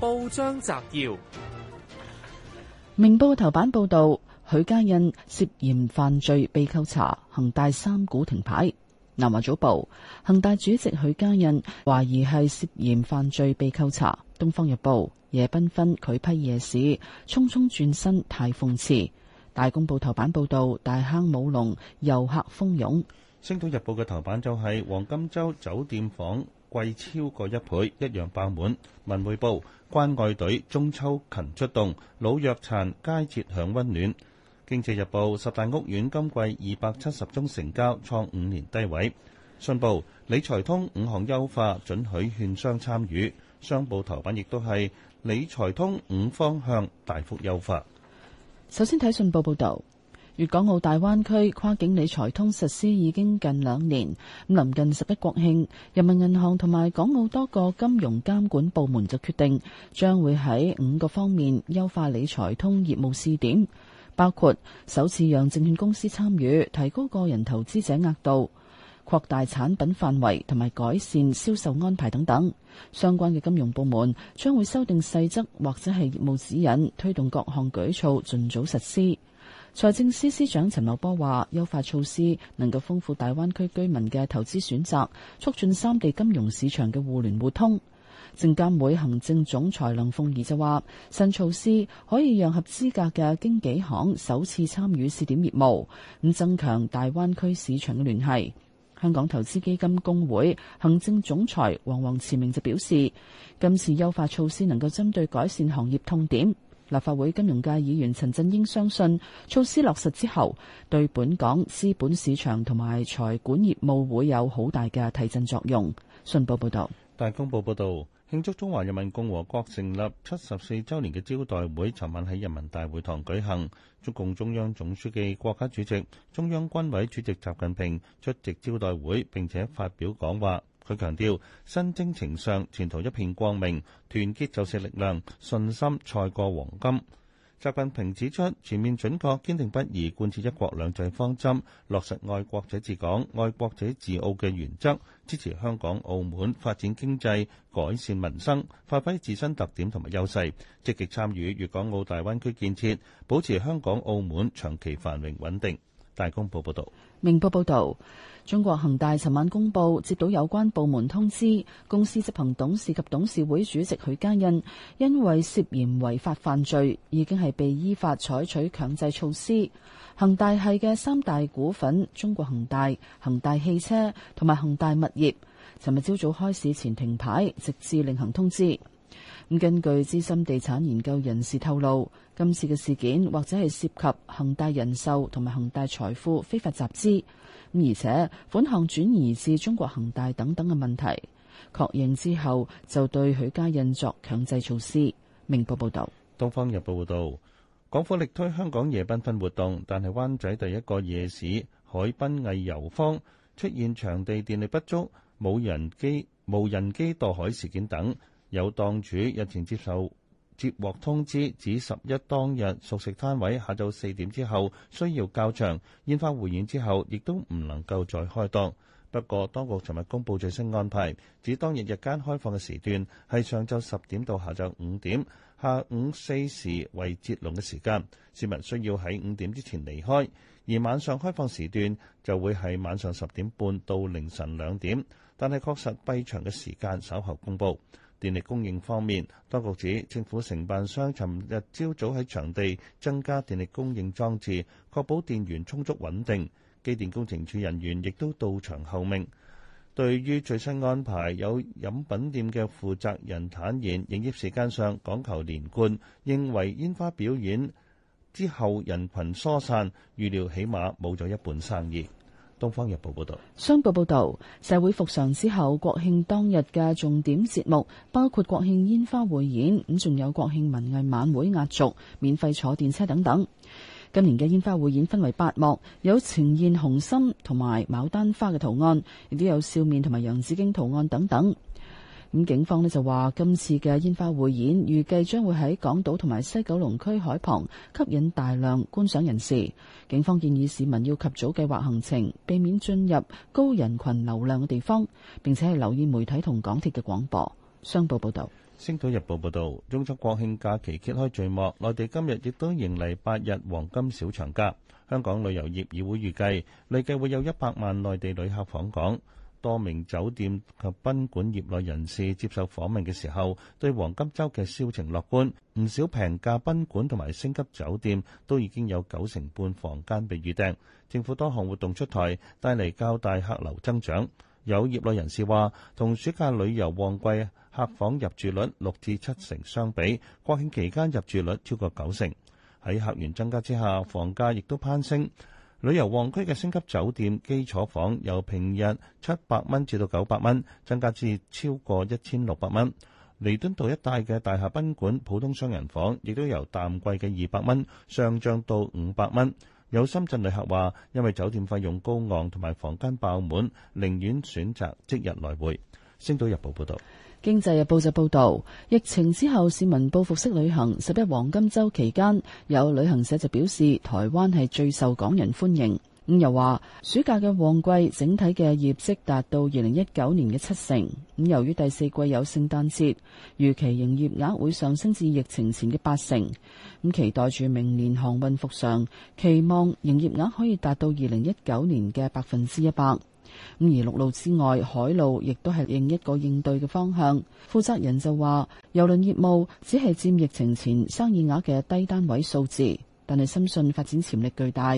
報章摘要：明報頭版報道，許家印涉嫌犯罪被扣查，恒大三股停牌。南華早報：恒大主席許家印懷疑係涉嫌犯罪被扣查。東方日報：夜繽紛，佢批夜市，匆匆轉身太諷刺。大公報頭版報道：大坑舞龍，遊客蜂擁。星島日報嘅頭版就係黃金周酒店房。貴超過一倍，一樣爆滿。文匯報，關愛隊中秋勤出動，老弱殘佳節享溫暖。經濟日報，十大屋苑今季二百七十宗成交，創五年低位。信報理財通五項優化，准許券商參與。商報頭版亦都係理財通五方向大幅優化。首先睇信報報道。粵港澳大灣區跨境理財通實施已經近兩年，咁臨近十一國慶，人民銀行同埋港澳多個金融監管部門就決定，將會喺五個方面優化理財通業務試點，包括首次讓證券公司參與，提高個人投資者額度，擴大產品範圍，同埋改善銷售安排等等。相關嘅金融部門將會修訂細則或者係業務指引，推動各項舉措盡早實施。財政司司長陳茂波話，優化措施能夠豐富大灣區居民嘅投資選擇，促進三地金融市場嘅互聯互通。證監會行政總裁梁鳳儀就話，新措施可以讓合資格嘅經紀行首次參與試點業務，咁增強大灣區市場嘅聯繫。香港投資基金公會行政總裁黃黃慈明就表示，今次優化措施能夠針對改善行業痛點。立法會金融界議員陳振英相信措施落實之後，對本港資本市場同埋財管業務會有好大嘅提振作用。信報報道，大公報報道，慶祝中華人民共和國成立七十四周年嘅招待會，尋晚喺人民大會堂舉行。中共中央總書記、國家主席、中央軍委主席習近平出席招待會，並且發表講話。佢強調，新征程上前途一片光明，團結就是力量，信心賽過黃金。習近平指出，全面準確、堅定不移貫徹一國兩制方針，落實愛國者治港、愛國者治澳嘅原則，支持香港、澳門發展經濟、改善民生，發揮自身特點同埋優勢，積極參與粵港澳大灣區建設，保持香港、澳門長期繁榮穩定。大公報報道。明報報道，中國恒大尋晚公布接到有關部門通知，公司執行董事及董事會主席許家印因為涉嫌違法犯罪，已經係被依法採取強制措施。恒大系嘅三大股份——中國恒大、恒大汽車同埋恒大物業，尋日朝早開市前停牌，直至另行通知。咁根據資深地產研究人士透露。今次嘅事件或者係涉及恒大人壽同埋恒大財富非法集資，而且款項轉移至中國恒大等等嘅問題，確認之後就對許家印作強制措施。明報報道。東方日報報道，港府力推香港夜繽紛活動，但係灣仔第一個夜市海濱藝遊坊出現場地電力不足、冇人機、無人機墮海事件等，有檔主日前接受。接獲通知，指十一當日熟食攤位下晝四點之後需要交場，煙花匯演之後亦都唔能夠再開檔。不過，當局尋日公布最新安排，指當日日間開放嘅時段係上晝十點到下晝五點，下午四時為截龍嘅時間，市民需要喺五點之前離開。而晚上開放時段就會係晚上十點半到凌晨兩點，但係確實閉場嘅時間稍後公布。電力供應方面，當局指政府承辦商尋日朝早喺場地增加電力供應裝置，確保電源充足穩定。機電工程處人員亦都到場候命。對於最新安排，有飲品店嘅負責人坦言，營業時間上講求連貫，認為煙花表演之後人群疏散，預料起碼冇咗一半生意。《東方日報》報道，商報報導，社會復常之後，國慶當日嘅重點節目包括國慶煙花匯演，咁仲有國慶文藝晚會壓軸，免費坐電車等等。今年嘅煙花匯演分為八幕，有呈現紅心同埋牡丹花嘅圖案，亦都有笑面同埋洋紫荊圖案等等。咁警方咧就話，今次嘅煙花匯演預計將會喺港島同埋西九龍區海旁吸引大量觀賞人士。警方建議市民要及早計劃行程，避免進入高人群流量嘅地方，並且係留意媒體同港鐵嘅廣播。商報報導，《星島日報》報道：中秋國慶假期揭開序幕，內地今日亦都迎嚟八日黃金小長假。香港旅遊業議會預計，累計會有一百萬內地旅客訪港。多名酒店及賓館業內人士接受訪問嘅時候，對黃金周嘅銷情樂觀，唔少平價賓館同埋星級酒店都已經有九成半房間被預訂，政府多項活動出台，帶嚟較大客流增長，有業內人士話，同暑假旅遊旺季客房入住率六至七成相比，國慶期間入住率超過九成。喺客源增加之下，房價亦都攀升。旅遊旺區嘅星級酒店基礎房由平日七百蚊至到九百蚊，增加至超過一千六百蚊。彌敦道一帶嘅大廈賓館普通雙人房亦都由淡季嘅二百蚊上漲到五百蚊。有深圳旅客話，因為酒店費用高昂同埋房間爆滿，寧願選擇即日來回。星島日報報道。經濟日報就報道，疫情之後市民報復式旅行，十一黃金周期間，有旅行社就表示，台灣係最受港人歡迎。咁又話，暑假嘅旺季整體嘅業績達到二零一九年嘅七成。咁由於第四季有聖誕節，預期營業額會上升至疫情前嘅八成。咁期待住明年航運復常，期望營業額可以達到二零一九年嘅百分之一百。咁而陸路之外，海路亦都係另一個應對嘅方向。負責人就話：郵輪業務只係佔疫情前生意額嘅低單位數字，但係深信發展潛力巨大。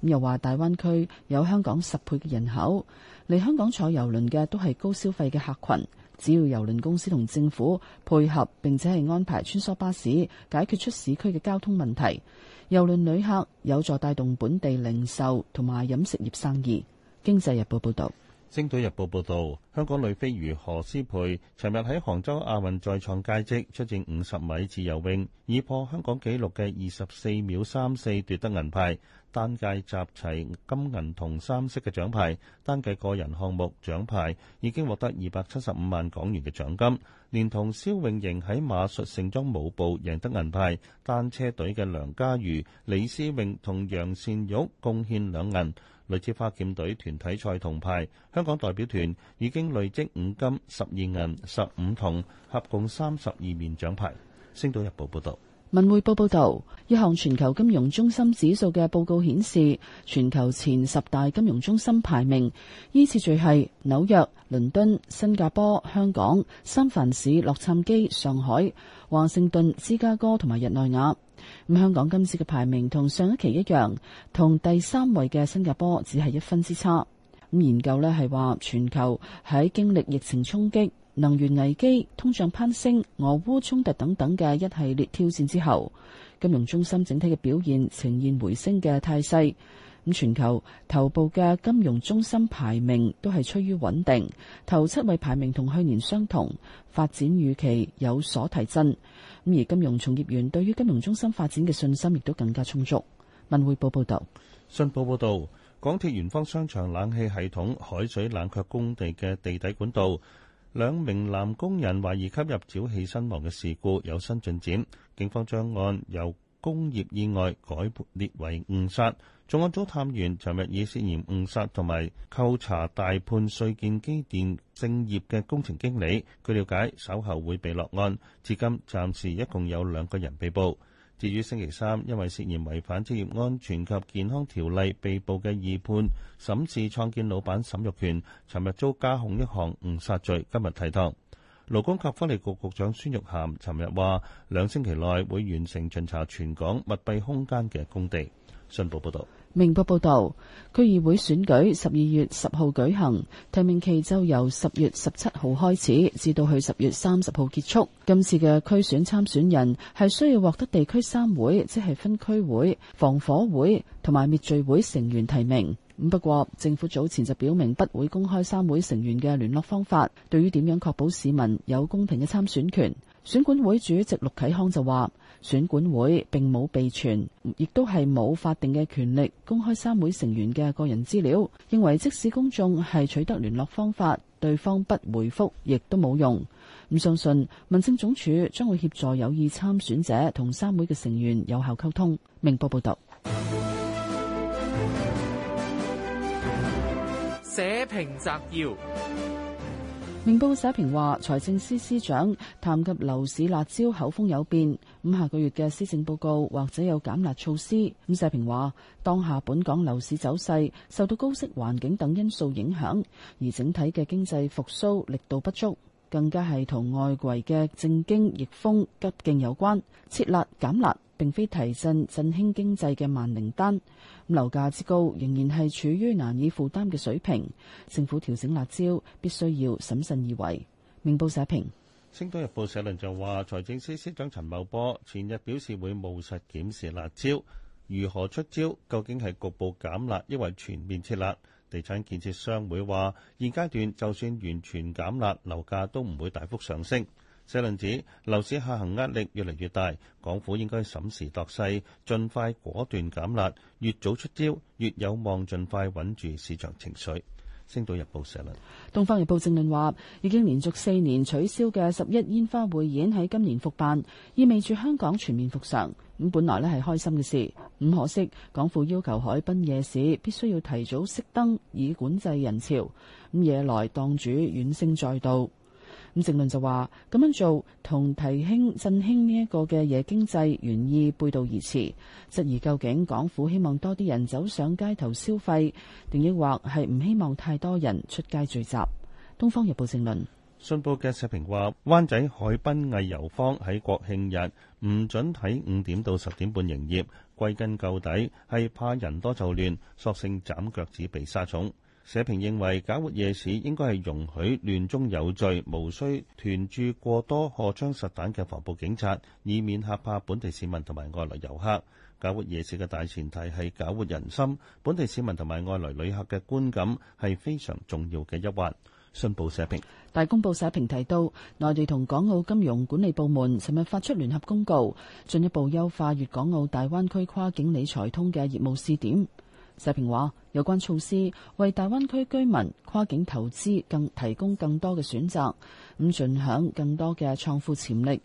又話大灣區有香港十倍嘅人口，嚟香港坐郵輪嘅都係高消費嘅客群。只要郵輪公司同政府配合並且係安排穿梭巴士，解決出市區嘅交通問題，郵輪旅客有助帶動本地零售同埋飲食業生意。經濟日報報道，星島日報報道，香港女飛魚何詩蓓，尋日喺杭州亞運再創佳績，出戰五十米自由泳，以破香港紀錄嘅二十四秒三四奪得銀牌，單屆集齊金銀銅三色嘅獎牌，單計個人項目獎牌已經獲得二百七十五萬港元嘅獎金，連同蕭穎瑩喺馬術盛裝舞步贏得銀牌，單車隊嘅梁家瑜、李思穎同楊善玉貢獻兩銀。類似花劍隊團體賽銅牌，香港代表團已經累積五金十二銀十五銅，合共三十二面獎牌。《星島日報，報導》報道，《文匯報》報道，一項全球金融中心指數嘅報告顯示，全球前十大金融中心排名依次序係紐約、倫敦、新加坡、香港、三藩市、洛杉磯、上海、華盛頓、芝加哥同埋日內瓦。咁香港今次嘅排名同上一期一樣，同第三位嘅新加坡只係一分之差。咁研究呢係話，全球喺經歷疫情衝擊、能源危機、通脹攀升、俄烏衝突等等嘅一系列挑戰之後，金融中心整體嘅表現呈現回升嘅態勢。咁全球頭部嘅金融中心排名都係趨於穩定，頭七位排名同去年相同，發展預期有所提振，咁而金融從業員對於金融中心發展嘅信心亦都更加充足。文匯報報道，信報報道港鐵圓方商場冷氣系統海水冷卻工地嘅地底管道，兩名男工人懷疑吸入沼氣身亡嘅事故有新進展，警方將案由工業意外改列為誤殺，重案組探員尋日以涉嫌誤殺同埋扣查大判瑞建機電正業嘅工程經理，據了解稍後會被落案。至今暫時一共有兩個人被捕。至於星期三因為涉嫌違反職業安全及健康條例被捕嘅二判沈氏創建老闆沈玉權，尋日遭加控一項誤殺罪，今日提堂。勞工及福利局局長孫玉菡尋日話：兩星期內會完成巡查全港密閉空間嘅工地。信報報道，明報報道，區議會選舉十二月十號舉行，提名期就由十月十七號開始，至到去十月三十號結束。今次嘅區選參選人係需要獲得地區三會，即係分區會、防火會同埋滅罪會成員提名。咁不過，政府早前就表明不會公開三會成員嘅聯絡方法。對於點樣確保市民有公平嘅參選權，選管會主席陸啟康就話：選管會並冇備存，亦都係冇法定嘅權力公開三會成員嘅個人資料。認為即使公眾係取得聯絡方法，對方不回覆亦都冇用。咁相信民政總署將會協助有意參選者同三會嘅成員有效溝通。明報報道。社評摘要：明報社評話，財政司司長談及樓市辣招口風有變，咁下個月嘅施政報告或者有減辣措施。咁社評話，當下本港樓市走勢受到高息環境等因素影響，而整體嘅經濟復甦力度不足。更加係同外圍嘅政經逆風急勁有關，撤辣、減辣並非提振振興經濟嘅萬靈丹。樓價之高仍然係處於難以負擔嘅水平，政府調整辣招必須要審慎而為。明報社評，《星島日報》社論就話，財政司司長陳茂波前日表示會務實檢視辣招如何出招，究竟係局部減辣抑或全面撤辣。地產建設商會話，現階段就算完全減辣，樓價都唔會大幅上升。社論指樓市下行壓力越嚟越大，港府應該審時度勢，盡快果斷減辣，越早出招，越有望盡快穩住市場情緒。《星島日報》社論：《東方日報》正論話，已經連續四年取消嘅十一煙花匯演喺今年復辦，意味住香港全面復常。咁本來呢係開心嘅事，咁可惜港府要求海濱夜市必須要提早熄燈，以管制人潮。咁夜來檔主怨聲載道。咁正論就話咁樣做同提興振興呢一個嘅嘢，經濟原意背道而馳，質疑究竟港府希望多啲人走上街頭消費，定抑或係唔希望太多人出街聚集？東方日報正論。信報嘅社評話，灣仔海濱藝遊坊喺國慶日唔準喺五點到十點半營業，歸根究底係怕人多就亂，索性斬腳趾避沙蟲。社評認為，搞活夜市應該係容許亂中有序，無需團住過多荷槍實彈嘅防暴警察，以免嚇怕本地市民同埋外來遊客。搞活夜市嘅大前提係搞活人心，本地市民同埋外來旅客嘅觀感係非常重要嘅一環。信報社評。大公報社評提到，內地同港澳金融管理部門琴日發出聯合公告，進一步優化粵港澳大灣區跨境理財通嘅業務試點。社評話，有關措施為大灣區居民跨境投資更提供更多嘅選擇，咁盡享更多嘅創富潛力，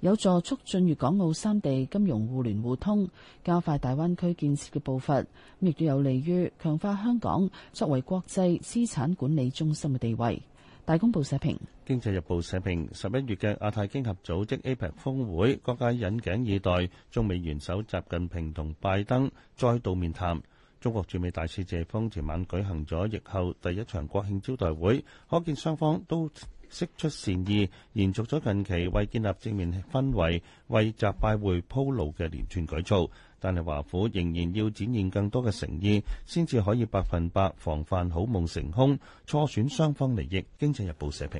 有助促進粵港澳三地金融互聯互通，加快大灣區建設嘅步伐，亦都有利於強化香港作為國際資產管理中心嘅地位。大公報社評，經濟日報社評，十一月嘅亞太經合組織 APEC 峰會各界引頸以待，中美元首習近平同拜登再度面談。中國駐美大使謝鋒前晚舉行咗疫後第一場國慶招待會，可見雙方都釋出善意，延續咗近期為建立正面氛圍、為習拜會鋪路嘅連串舉措。但係華府仍然要展現更多嘅誠意，先至可以百分百防範好夢成空、錯選雙方利益。《經濟日報》社評。